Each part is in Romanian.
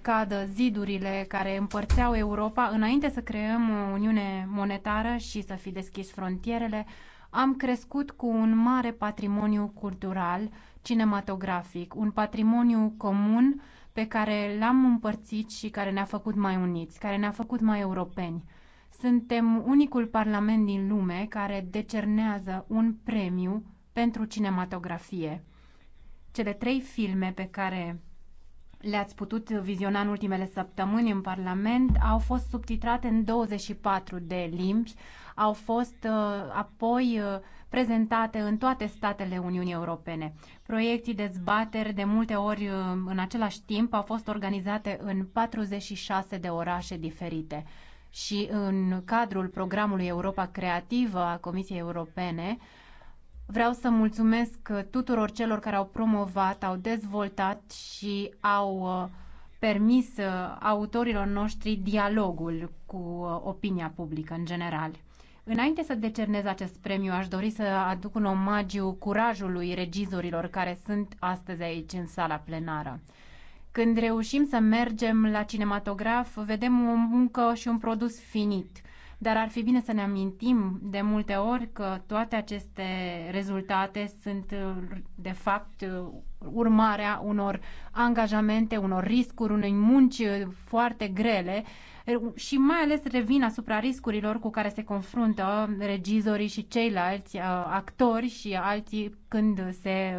cadă zidurile care împărțeau Europa, înainte să creăm o uniune monetară și să fi deschis frontierele, am crescut cu un mare patrimoniu cultural, cinematografic, un patrimoniu comun pe care l-am împărțit și care ne-a făcut mai uniți, care ne-a făcut mai europeni. Suntem unicul parlament din lume care decernează un premiu pentru cinematografie. Cele trei filme pe care le-ați putut viziona în ultimele săptămâni în Parlament, au fost subtitrate în 24 de limbi, au fost uh, apoi uh, prezentate în toate statele Uniunii Europene. Proiecții dezbateri de multe ori uh, în același timp au fost organizate în 46 de orașe diferite. Și în cadrul programului Europa Creativă a Comisiei Europene, Vreau să mulțumesc uh, tuturor celor care au promovat, au dezvoltat și au uh, permis uh, autorilor noștri dialogul cu opinia publică în general. Înainte să decernez acest premiu, aș dori să aduc un omagiu curajului regizorilor care sunt astăzi aici în sala plenară. Când reușim să mergem la cinematograf, vedem o muncă și un produs finit – dar ar fi bine să ne amintim de multe ori că toate aceste rezultate sunt, de fapt, urmarea unor angajamente, unor riscuri, unei munci foarte grele și mai ales revin asupra riscurilor cu care se confruntă regizorii și ceilalți uh, actori și alții când se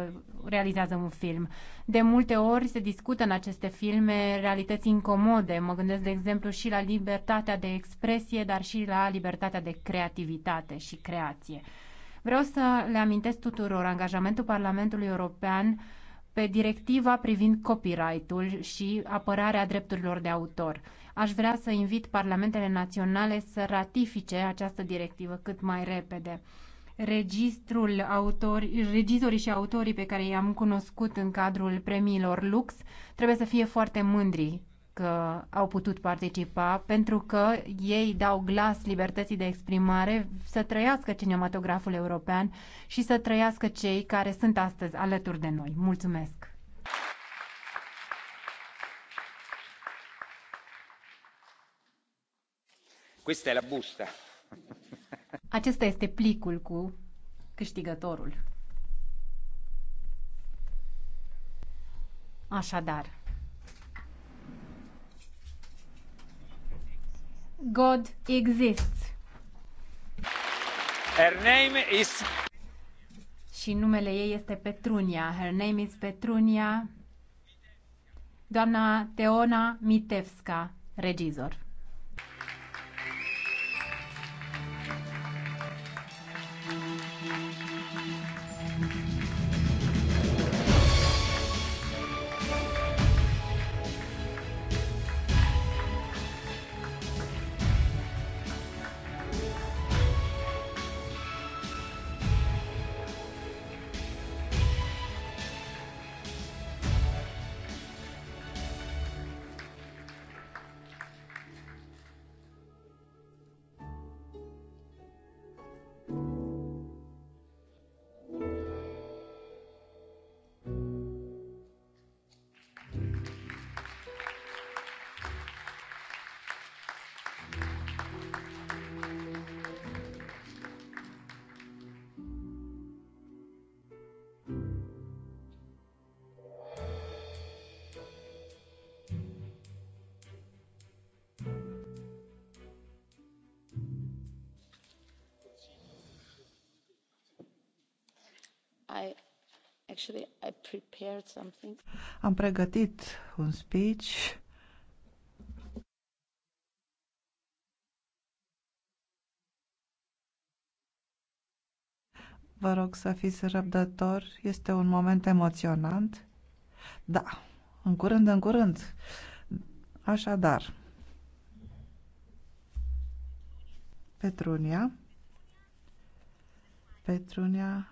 realizează un film. De multe ori se discută în aceste filme realități incomode. Mă gândesc, de exemplu, și la libertatea de expresie, dar și la libertatea de creativitate și creație. Vreau să le amintesc tuturor angajamentul Parlamentului European pe directiva privind copyright-ul și apărarea drepturilor de autor. Aș vrea să invit parlamentele naționale să ratifice această directivă cât mai repede registrul autori, regizorii și autorii pe care i-am cunoscut în cadrul premiilor Lux trebuie să fie foarte mândri că au putut participa, pentru că ei dau glas libertății de exprimare, să trăiască cinematograful european și să trăiască cei care sunt astăzi alături de noi. Mulțumesc! Questa è la busta. Acesta este plicul cu câștigătorul. Așadar, God exists. Her name is... Și numele ei este Petrunia. Her name is Petrunia. Doamna Teona Mitevska, regizor. I, actually, I prepared something. Am pregătit un speech. Vă rog să fiți răbdători. Este un moment emoționant. Da, în curând, în curând. Așadar, Petrunia. Petrunia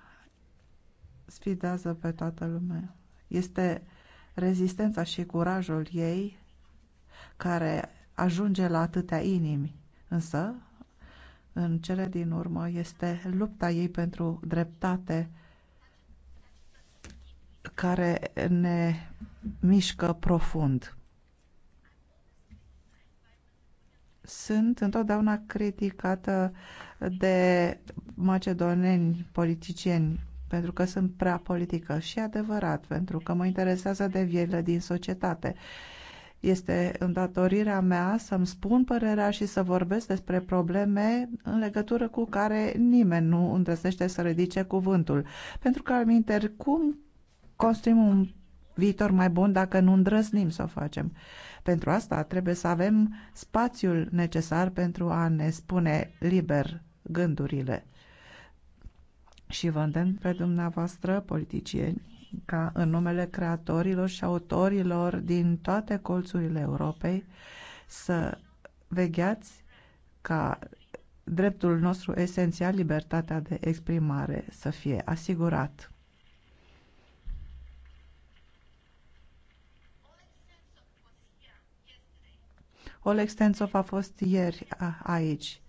sfidează pe toată lumea. Este rezistența și curajul ei care ajunge la atâtea inimi, însă în cele din urmă este lupta ei pentru dreptate care ne mișcă profund. Sunt întotdeauna criticată de macedoneni politicieni pentru că sunt prea politică și adevărat, pentru că mă interesează de vierile din societate. Este îndatorirea mea să-mi spun părerea și să vorbesc despre probleme în legătură cu care nimeni nu îndrăznește să ridice cuvântul. Pentru că, alminter, cum construim un viitor mai bun dacă nu îndrăznim să o facem? Pentru asta trebuie să avem spațiul necesar pentru a ne spune liber gândurile și vă îndemn pe dumneavoastră, politicieni, ca în numele creatorilor și autorilor din toate colțurile Europei să vegheați ca dreptul nostru esențial, libertatea de exprimare, să fie asigurat. Oleg Sentsov a fost ieri aici.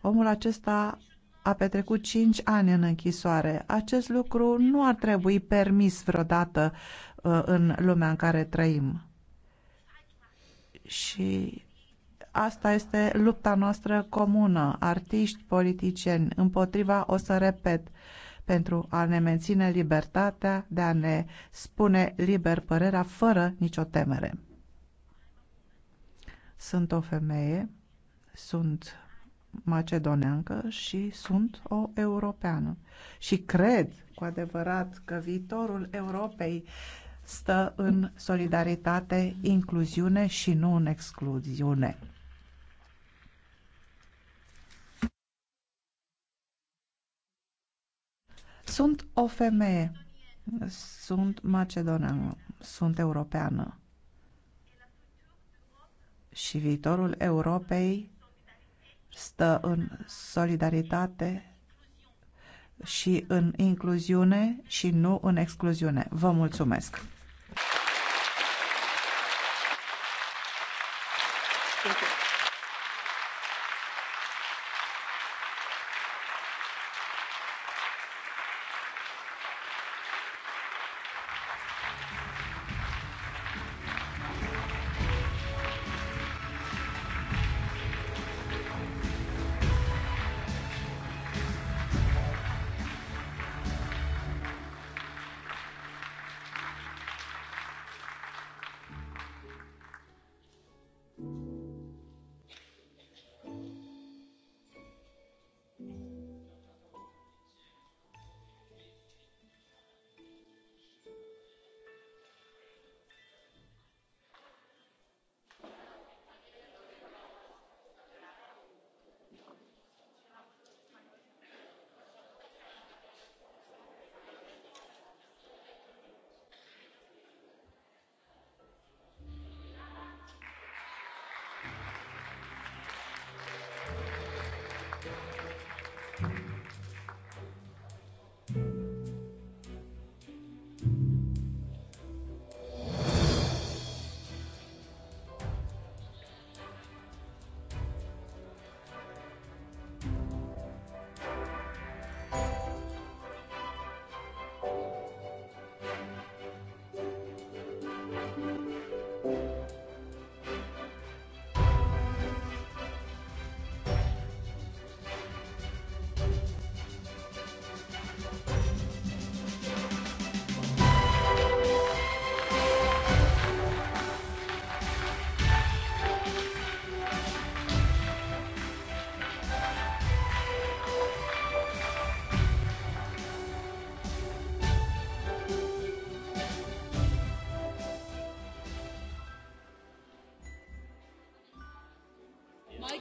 Omul acesta a petrecut 5 ani în închisoare. Acest lucru nu ar trebui permis vreodată uh, în lumea în care trăim. Și asta este lupta noastră comună, artiști, politicieni, împotriva, o să repet, pentru a ne menține libertatea de a ne spune liber părerea fără nicio temere. Sunt o femeie, sunt macedoneancă și sunt o europeană. Și cred cu adevărat că viitorul Europei stă în solidaritate, incluziune și nu în excluziune. Sunt o femeie, sunt macedoneană, sunt europeană și viitorul Europei stă în solidaritate și în incluziune și nu în excluziune. Vă mulțumesc!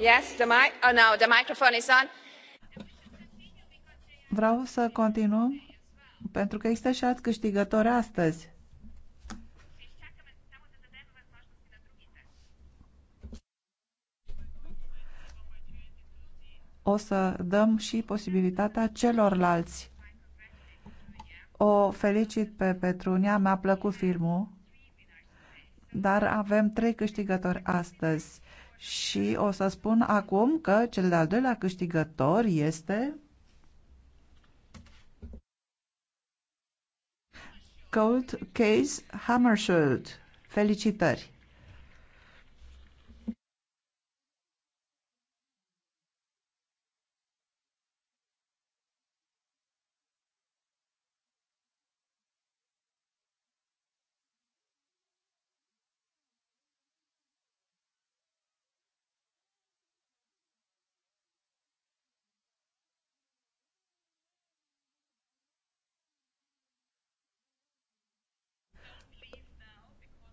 mic. Oh, on. Vreau să continuăm pentru că există și alți câștigători astăzi. O să dăm și posibilitatea celorlalți. O felicit pe Petrunia, mi-a plăcut filmul, dar avem trei câștigători astăzi și o să spun acum că cel de-al doilea câștigător este Cold Case Hammershield. Felicitări!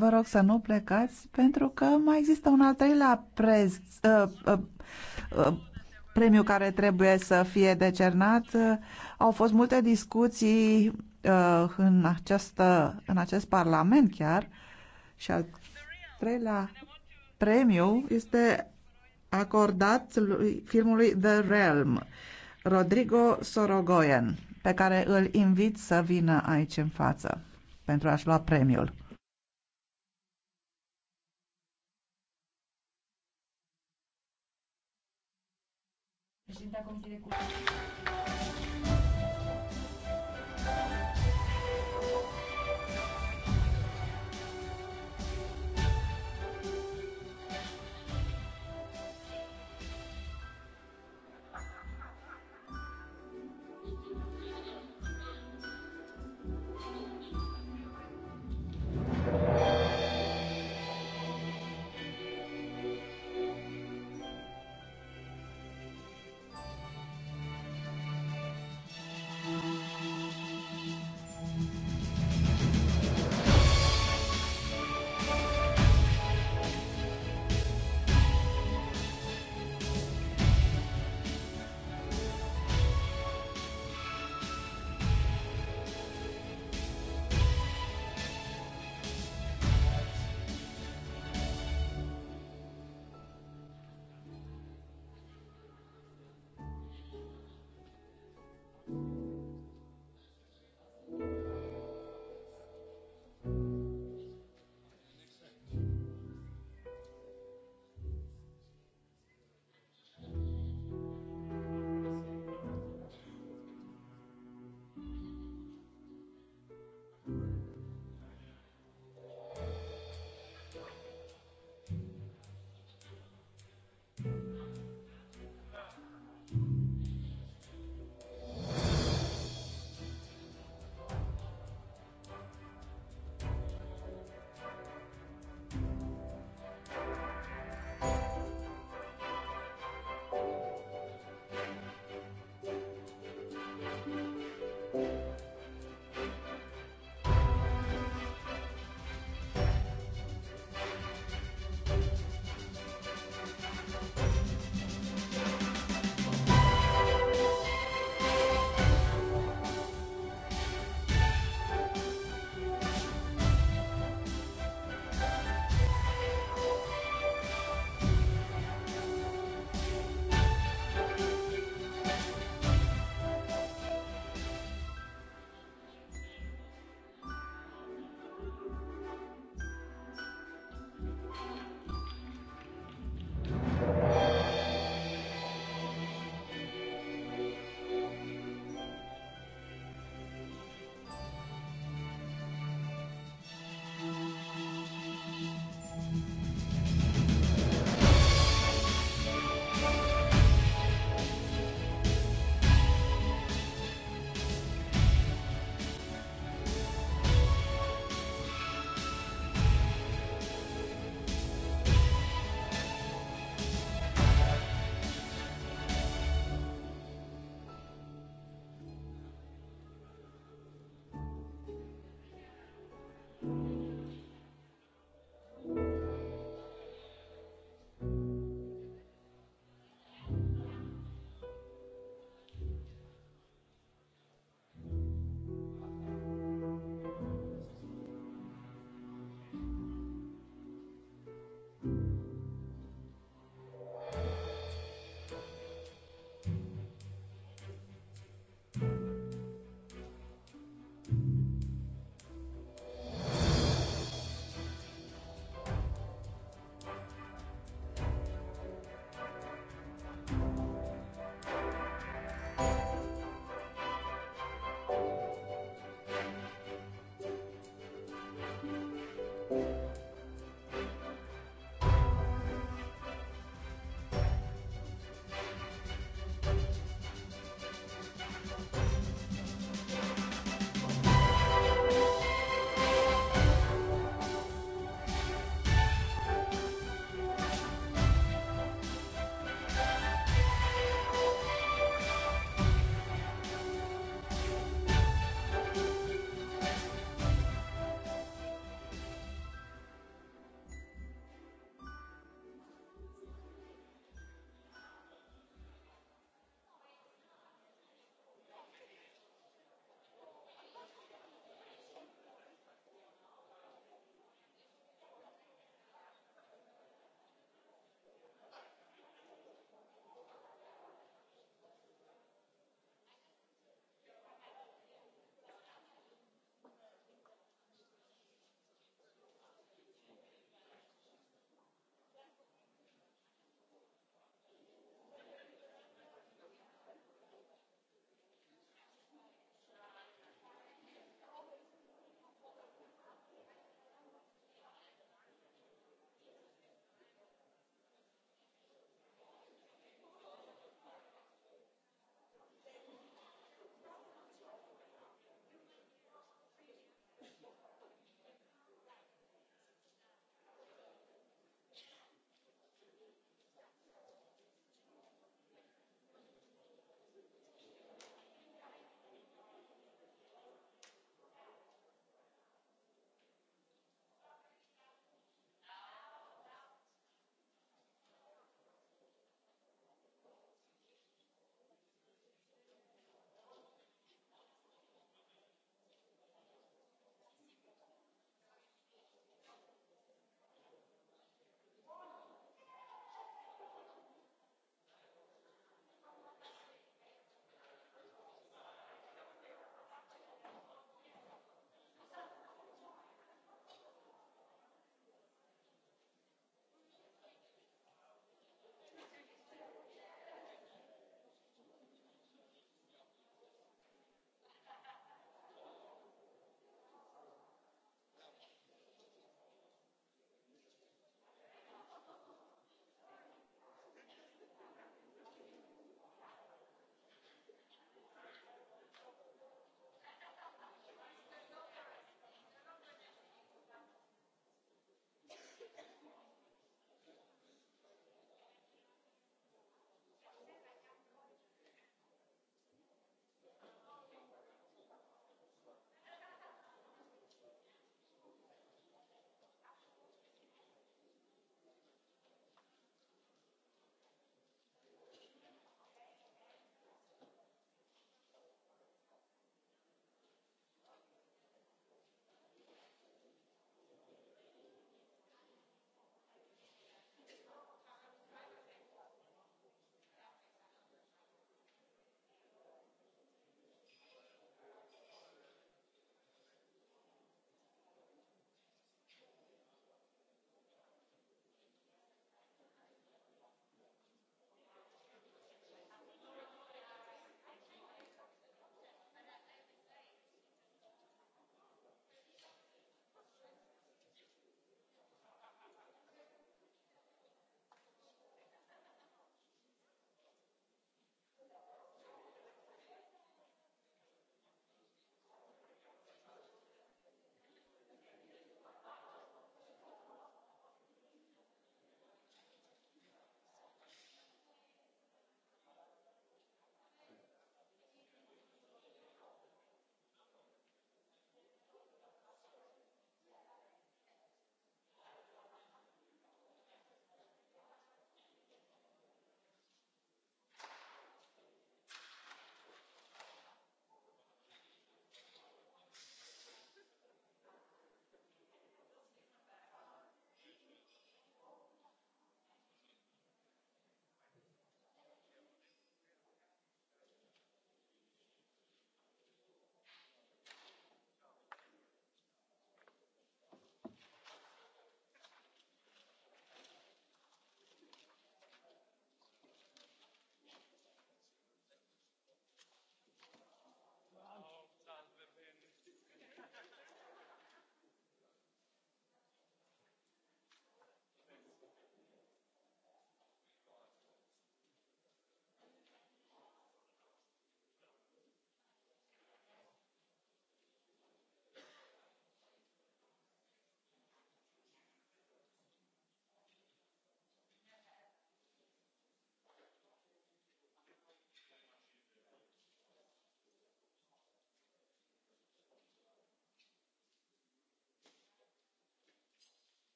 vă rog să nu plecați pentru că mai există un al treilea prez, uh, uh, uh, premiu care trebuie să fie decernat. Au fost multe discuții ă, în, această, în acest parlament chiar și al treilea premiu este acordat lui, filmului The Realm, Rodrigo Sorogoyen, pe care îl invit să vină aici în față pentru a-și lua premiul. președinta Comisiei de Cultură.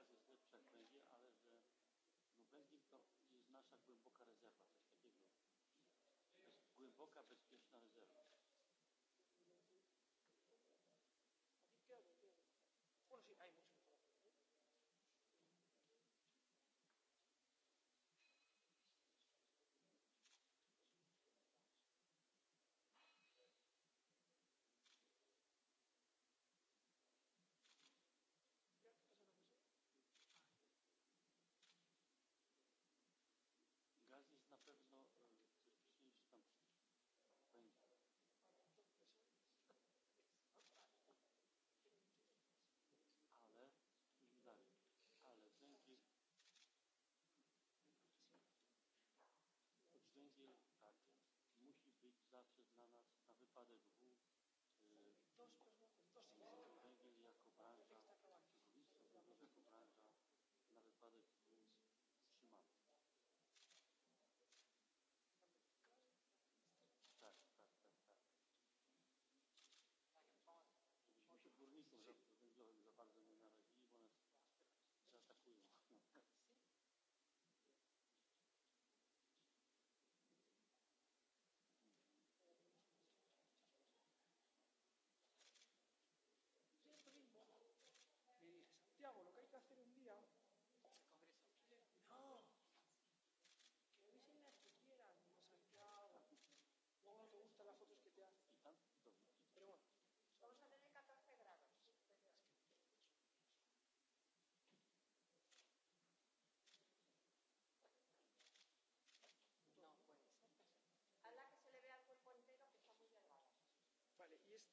razie źle przekleje, ale że Lublin to jest nasza głęboka rezerwa, coś takiego. To jest głęboka, bezpieczna rezerwa. patrzy na nas na wypadek W. Węgiel jako branża, górnictwo jako branża na wypadek W.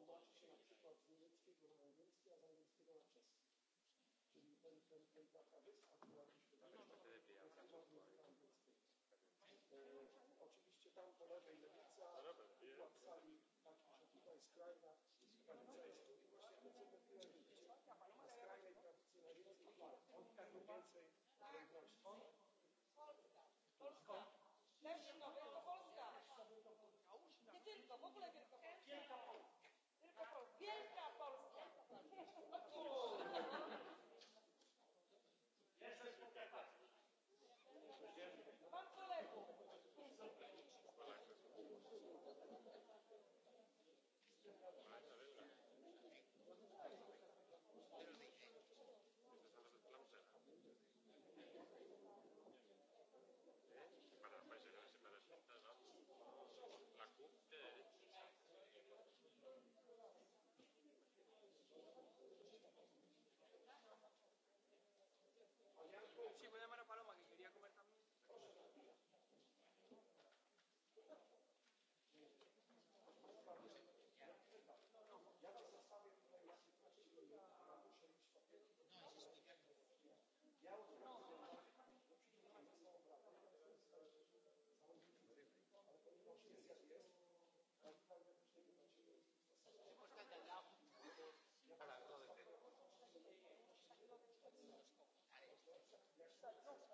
acum și la pătrundeți că româneți, iar mai mult în acest. Pentru că dacă aveți acum, nu trebuie să să nu.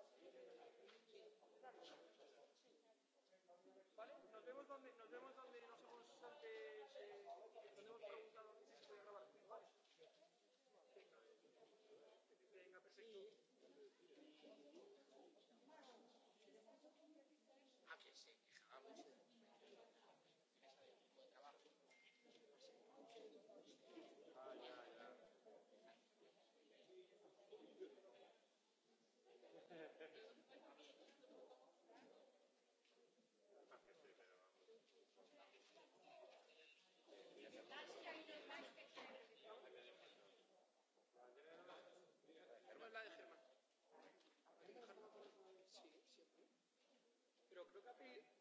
Look at the